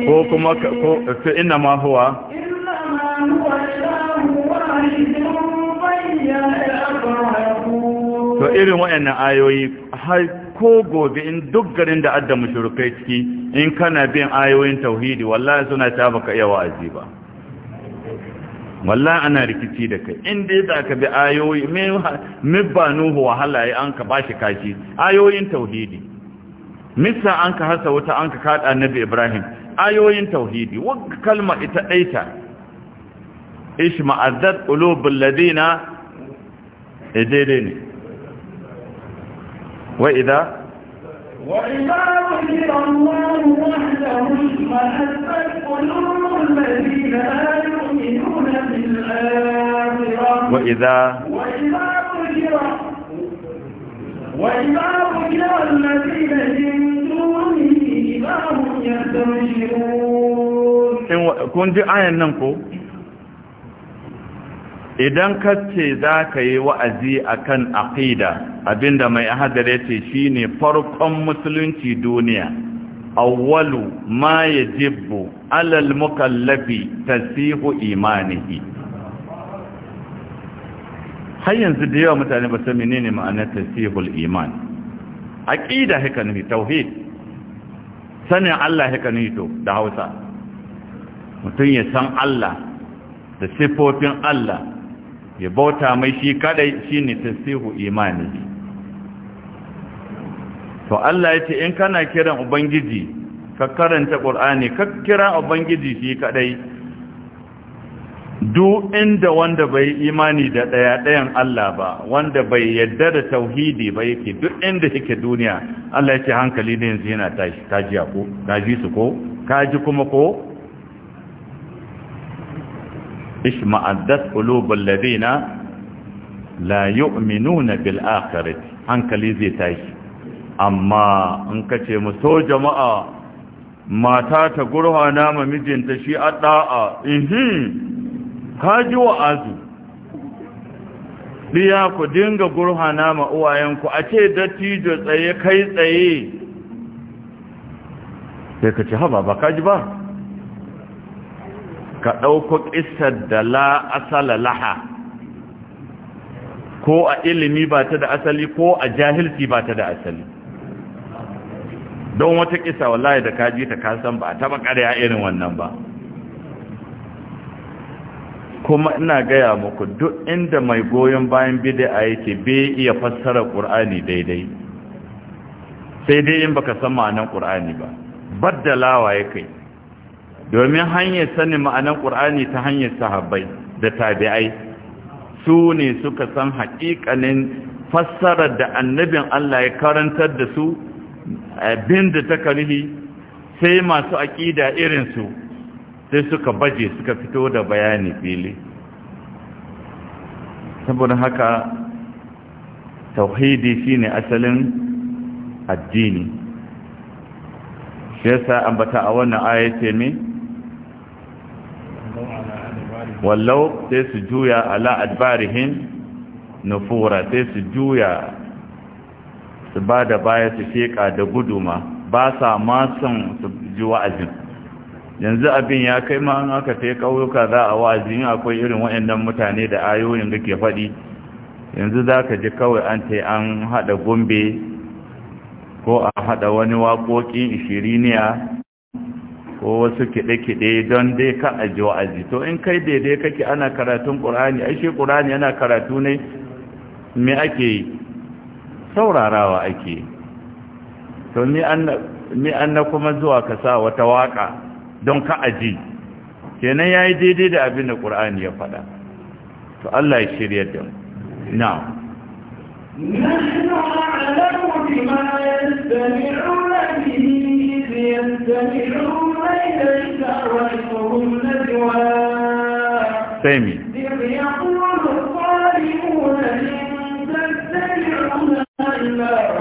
هو إنما هو واحد to irin wayannan ayoyi har ko gobe in duk garin da adda mushrikai ciki in kana bin ayoyin tauhidi wallahi suna ta baka iya wa'azi ba wallah ana rikici da kai dai za ka bi ayoyi nuhu wahala ya an ka bashi kashi ayoyin tauhidi misa an ka hasa wuta an ka kada annabi ibrahim ayoyin tauhidi wadda kalma ita ɗaita ishma azzat qulubul ladina eh, daidai ne wa idza وإذا ذكر الله وحده اشمأزت قلوب الذين لا يؤمنون بالآخرة وإذا وإذا ذكر وإذا ذكر الذين من دونه إذا هم يستبشرون. كنت آية ننكو idan ka ce za ka yi wa'azi a kan aƙida abinda mai ahadar ya ce shi ne farkon musulunci duniya awwalu ma ya jibbo alal mukallafi sihu imanihi har yanzu da yawa mutane ba su ne ma'anar ta tasihul iman aƙida haka nufi tauhid sanin Allah haka nufi to da hausa mutum ya san Allah da siffofin Allah ya bauta mai shi kadai shi ne tasihu imani to Allah ya in kana kiran ubangiji ka karanta ƙur'ani ka kira ubangiji shi kadai duk inda wanda bai imani da ɗaya ɗayan Allah ba wanda bai yadda da tauhidi ba yake duk inda yake duniya Allah ya hankali ne yanzu yana tashi taji ko su ko kaji kuma ko ishma'addat qulubul ladina la yu'minuna bil akhirati hankali zai tashi amma in kace mu so jama'a mata ta gurhana ma mijinta shi a da'a ihi kaji wa'azu diya ku dinga gurhana ma uwayenku a ce dattijo tsaye kai tsaye sai ka ce haba ba kaji ba ka ɗauko ƙisar da la asala laha ko a ilimi ba ta da asali ko a jahilci ba ta da asali don wata ƙisa wallahi da kaji ta kasan ba a taɓa ƙarya irin wannan ba kuma ina gaya muku duk inda mai goyon bayan bid'a yake bai iya fassara ƙur'ani daidai sai dai in baka san ma'anan ƙur'ani ba baddalawa ya kai domin hanyar sanin ma'anar ƙur'ani ta hanyar sahabbai da tabi'ai su ne suka san haƙiƙanin fassarar da annabin Allah ya karantar da su abin eh, da ta karihi sai masu aƙida irinsu sai suka baje suka fito da bayani fili saboda haka tauhidi shine asalin addini shi yasa ambata a wannan ayyace me wallau sai su juya ala adbarihin nufura sai su juya su ba da baya su sheƙa da guduma ba sa masan su ji wa'azin yanzu abin ya kai ma an aka ta yi ƙauyuka za a wa'azin akwai irin waɗannan mutane da ayoyin da ke faɗi yanzu za ka ji kawai an ta an haɗa gombe ko a haɗa wani waƙoƙin ishiriniya ko wasu kiɗe-kiɗe don dai ka a wa'azi to in kai daidai kake ana karatun ƙur'ani ai shi ƙur'ani yana karatu ne me ake yi saurarawa ake to ni an na kuma zuwa ka sa wata waƙa don ka aji kenan ya yi daidai da abin da ƙur'ani ya faɗa to Allah ya shirya don mu نحن أعلم بما يستمعون به إذ يستمعون إليك وإنهم نجوى سامي إذ يقول الظالمون إن تتبعون إلا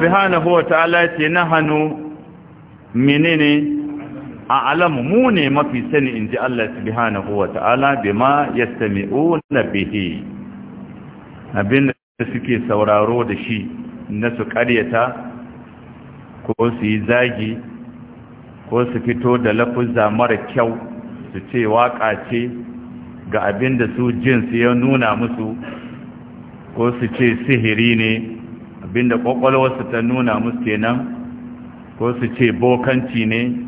سبحانه وتعالى نحن منين a alamu mu ne mafi sani in ji Allah subhanahu wa ta'ala bi ma ya sami'u na bihe abinda suke sauraro da shi na su karyata ko su yi zagi ko su fito da lafuzza mara kyau su ce waka ce ga abinda su su ya nuna musu ko su ce sihiri ne abinda ƙwaƙwalwarsu ta nuna musu kenan ko su ce bokanci ne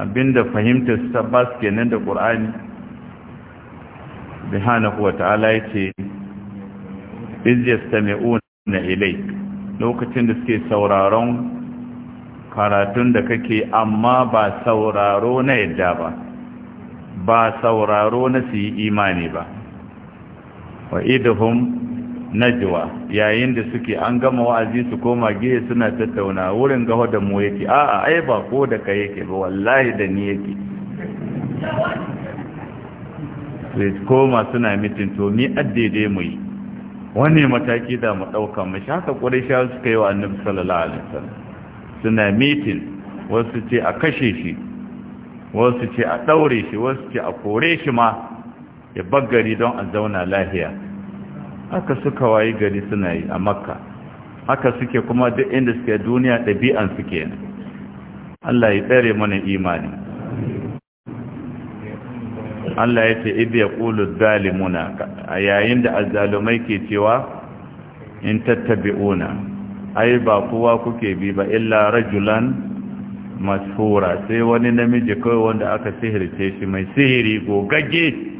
abinda fahimtar sabbas kenan da ƙur'ani bihanahu wa ta'ala ya ce na ilai lokacin da suke sauraron karatun da kake amma ba sauraro na yadda ba ba sauraro na su yi imani ba wa idahum najwa yayin da suke an gama wa'azi su koma giye suna tattauna wurin gaho da mu yake a'a ai ba ko da kai yake ba wallahi da ni yake sai koma suna mitin to ni addede mu yi wani mataki da mu ɗauka mu shaka quraisha suka yi wa annabi sallallahu alaihi wasallam suna mitin wasu ce a kashe shi wasu ce a ɗaure shi wasu ce a kore shi ma ya baggari don a zauna lahiya haka suka wayi gari suna yi a makka haka suke kuma duk inda suke duniya ɗabi'an suke ne Allah ya tsare mana imani Allah ya ce idh yaqulu zalimuna a yayin da azzalumai ke cewa in tattabi'una ai ba kowa kuke bi ba illa rajulan mashura sai wani namiji kawai wanda aka sihirce shi mai sihiri gogage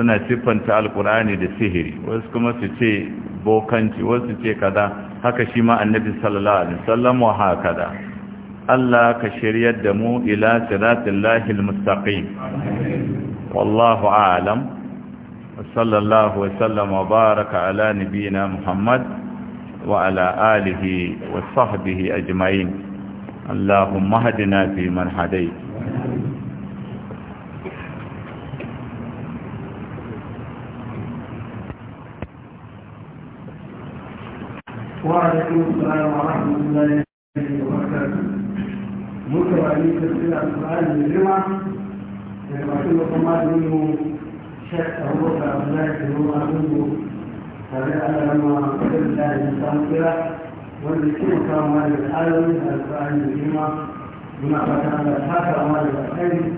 suna siffanta alkur'ani da sihiri wasu kuma su ce bokanci wasu ce kada, haka shi ma annabi sallallahu alaihi wasallam wa hakada Allah ka shiryar da mu ila siratil lahil mustaqim wallahu a'lam sallallahu wa sallam wa baraka ala nabiyyina muhammad wa ala alihi wa sahbihi ajma'in اللهم اهدنا فيمن هديت وعليكم السلام ورحمة الله وبركاته ممكن عليكم تسأل السؤال من الجمعة رسول الله منه شك أبو بكر عبد الله بن عمر منه هذا لما قدر الله الإنسان كذا والذكر كان مال العالم القرآن الجمعة بما فتح على الحاكم مال الخير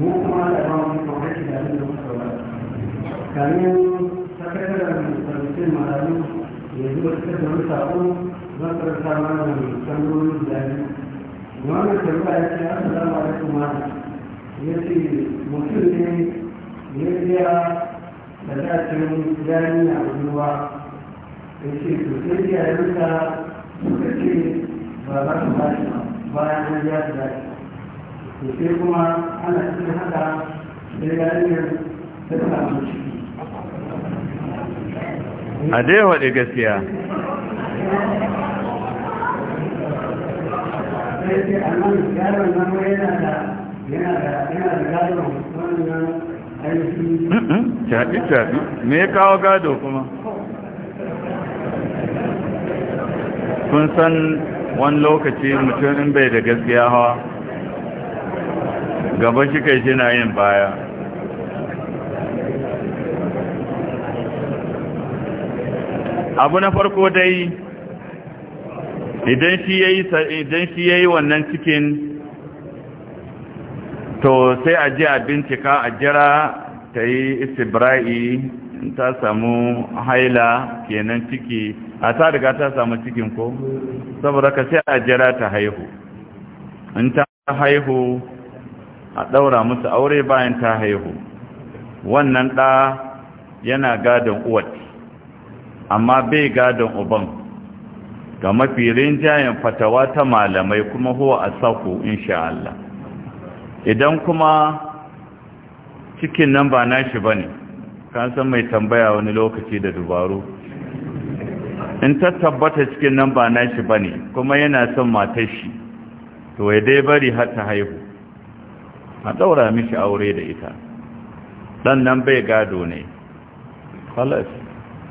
مو كما لا يرام في توحيد هذه المسألة كانوا تكلم المسلمين مع yanzu ba ta da wani sako za ka mana mai tambayoyi da biyu wani a ya ce assalamu alaikum mana ya ce mutum ne ya biya da dacin gani a ruwa ya ce to sai ya yanka suka ce ba za su ba shi ba bayan an ya su dace to sai kuma ana cikin haka sai ya ta samu shi a dai waɗe gaskiya shafi-shafi me ya kawo gado kuma kun san wani lokaci mutum in bai da gaskiya hawa gaba shi kai shi na yin baya abu na farko dai idan shi yayi idan shi yayi wannan cikin to sai a ji a bincika a jira ta yi istibra'i ta samu haila kenan ciki a ta riga ta samu cikin ko saboda ka sai a jira ta haihu in ta haihu a ɗaura musu aure bayan ta haihu wannan ɗa yana gadon uwat amma bai gadon uban ga mafi rinjayen fatawa ta malamai kuma huwa a sako insha Allah idan kuma cikin nan ba nashi ba ne kan san mai tambaya wani lokaci da dubaru in ta tabbata cikin nan ba nashi ba ne kuma yana son matar shi to ya dai bari har ta haihu a daura mishi aure da ita ɗan nan bai gado ne halas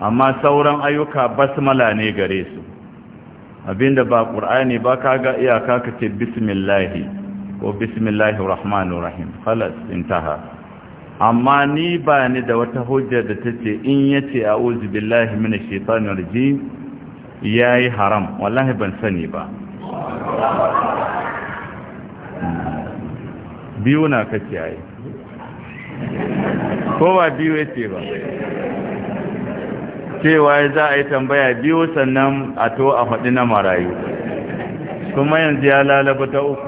amma sauran ayyuka basmala ne gare su abinda ba ƙur'ani ba ka ga iyaka ka ce bismillah ko bismillahir rahmanir rahim halas intaha amma ni ba ni da wata hujja da tace in yace ce a billahi mini shaitanir rajim ya haram wallahi ban sani ba biyu na kace ai ko ba biyu ya ba cewa za a yi tambaya biyu sannan a to a faɗi na marayu kuma yanzu ya lalaba ta uku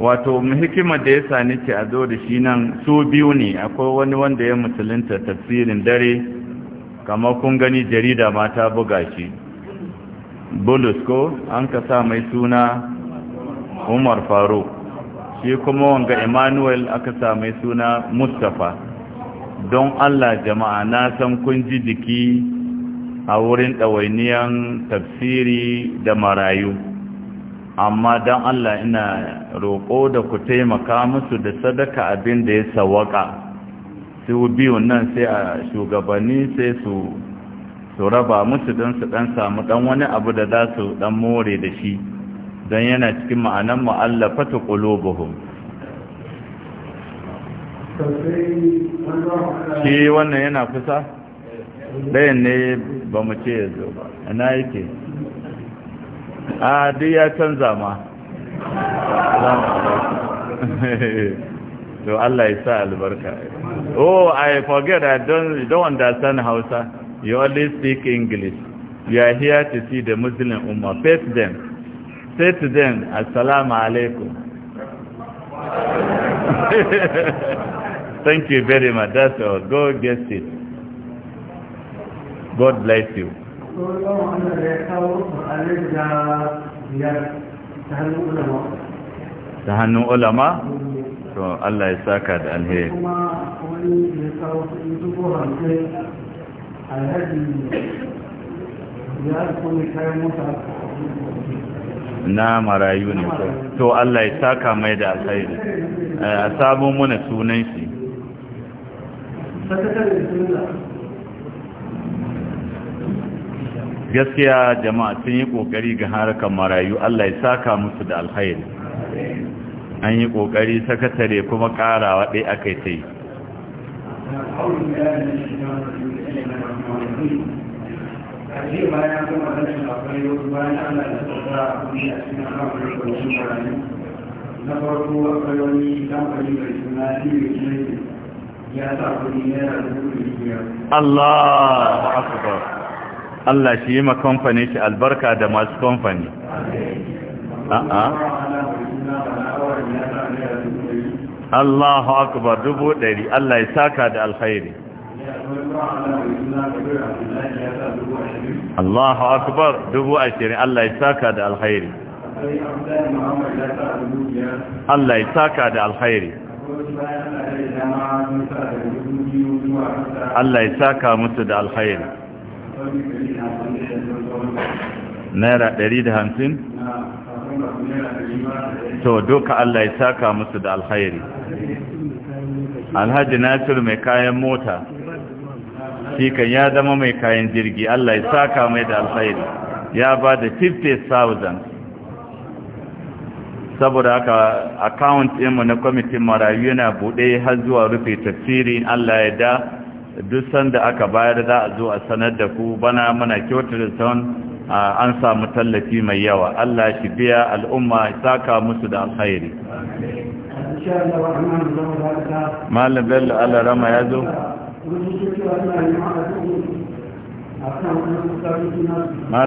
wato hikimar da ya sani ce a zo da shi nan su biyu ne akwai wani wanda ya musulunta tafsirin dare kamar kun gani jarida mata buga shi bulus ko an ka sa mai suna umar faruk shi kuma wanga emmanuel aka sa mai suna mustapha don allah jama'a na san kun ji jiki a wurin ɗawainiyan tafsiri da marayu amma don allah ina roƙo da ku taimaka musu da sadaka abin da ya sawaka su biyu nan sai a shugabanni sai su su raba musu don su dan samu dan wani abu da za su dan more da shi don yana cikin ma'anan ma'allafa ta ƙulubuhun shi wannan yana kusa ɗayan ne ba mu ce ya zo ba ina yake a duk ya canza ma <laughs> to Allah ya sa albarka oh i forget i don't, don't understand hausa You only speak English. You are here to see the Muslim Ummah. Face them. Say to them, Assalamu alaikum. <laughs> Thank you very much. That's all. Go get it. God bless you. ta hannun ulama to Allah ya saka da alheri ko na marayu ne ko to Allah ya saka mai da alkhairi eh, a sabon muna sunan shi gaskiya jama'a sun yi kokari ga harkar marayu Allah ya saka musu da alkhairi an yi kokari sakatare kuma karawa ɗaya aka yi ta kaji ma ya kuma rashin akwai wasu bayan Allah da sauka a kudi a cikin akwai kwancin marayu na farko akwai wani kamfani mai suna tiyo kirkin ya sa kudi naira dubu biyar Allah akbar Allah shi yi ma kamfani shi albarka da masu kamfani a'a Allahu akbar dubu ɗari Allah ya saka da alkhairi Allahu akbar dubu ashirin Allah ya saka da alkhairi Allah ya saka da alkhairi Allah ya saka musu da alkhairi Naira ɗari da hamsin? To, duka Allah ya saka musu da alkhairi. Alhaji Nasir mai kayan mota. shi ya zama mai kayan jirgi Allah ya saka mai da alkhairi ya ba da 50,000 saboda aka account ɗinmu na kwamitin marayu yana buɗe har zuwa rufe tafsirin Allah ya da duk sanda aka bayar za a zo a sanar da ku bana mana kyautar son an samu tallafi mai yawa Allah shi biya al'umma saka musu da alkhairi malam bello Allah rama ya zo wani shi cewa suna yi ma'a a kan wani kusurari suna